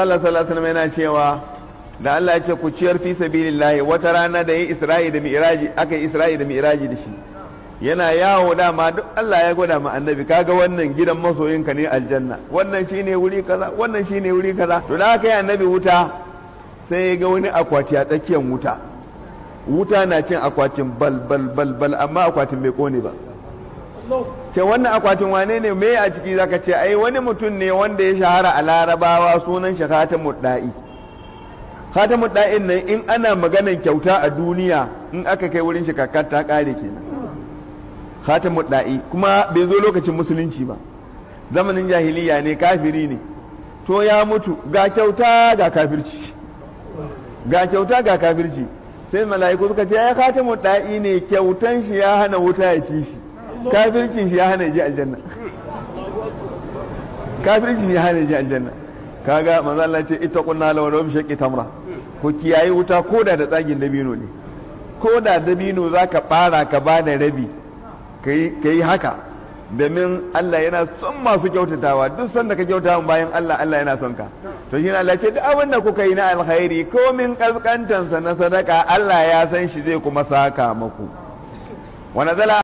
Allah sallallahu alaihi yana cewa da Allah ya ce ku ciyar fi sabilillahi wata rana da yi Isra'i da Mi'raji aka yi Isra'i da Mi'raji da shi yana yawo dama duk Allah ya gwada ma annabi kaga wannan gidan masoyinka ne aljanna wannan shine wuri kaza wannan shine wuri kaza to da aka yi annabi wuta sai ya ga wani akwati a tsakiyar wuta wuta na cin akwatin bal bal bal bal amma akwatin bai kone ba ce wannan akwatin wane ne me a ciki zaka ce ai wani mutum ne wanda ya shahara a larabawa sunan shi khatamud da'i khatamud da'in nan in ana maganar kyauta a duniya in aka kai wurin shi kakar ta kare kenan khatamud da'i kuma bai zo lokacin musulunci ba zamanin jahiliya ne kafiri ne to ya mutu ga kyauta ga kafirci ga kyauta ga kafirci sai mala'iku suka ce ya khatamud da'i ne kyautan shi ya hana wuta ya ci shi kafircin shi ya hana ji aljanna kafircin ya hana ji aljanna kaga manzo Allah ce ita kunna law rawm shaqi tamra ku kiyayi wuta koda da tsagin dabino ne koda dabino zaka fara ka bada rabi ka yi haka domin Allah yana son masu kyautatawa duk sanda ka kyauta bayan Allah Allah yana son ka to shi Allah ce duk abin da kuka yi na alkhairi ko min kaskantansa na sadaka Allah ya san shi zai kuma saka maku wa nazala